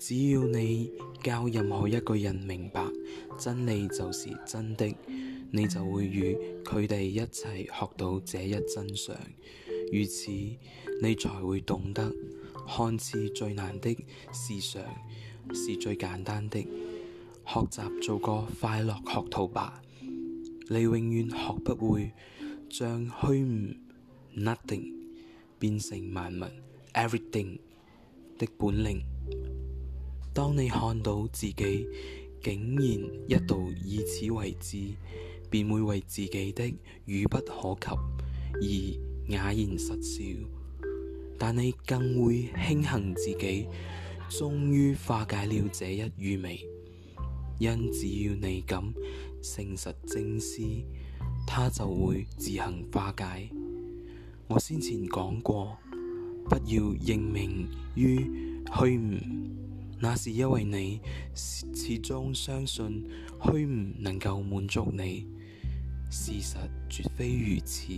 只要你教任何一個人明白真理就是真的，你就會與佢哋一齊學到這一真相。如此，你才會懂得看似最難的事實是最簡單的。學習做個快樂學徒吧，你永遠學不會將虛無 nothing 變成萬物 everything 的本領。當你看到自己竟然一度以此為止，便會為自己的愚不可及而啞然失笑。但你更會慶幸自己終於化解了這一愚昧，因只要你敢誠實正視，它就會自行化解。我先前講過，不要認命於虛無。那是因為你始終相信虛無能夠滿足你，事實絕非如此。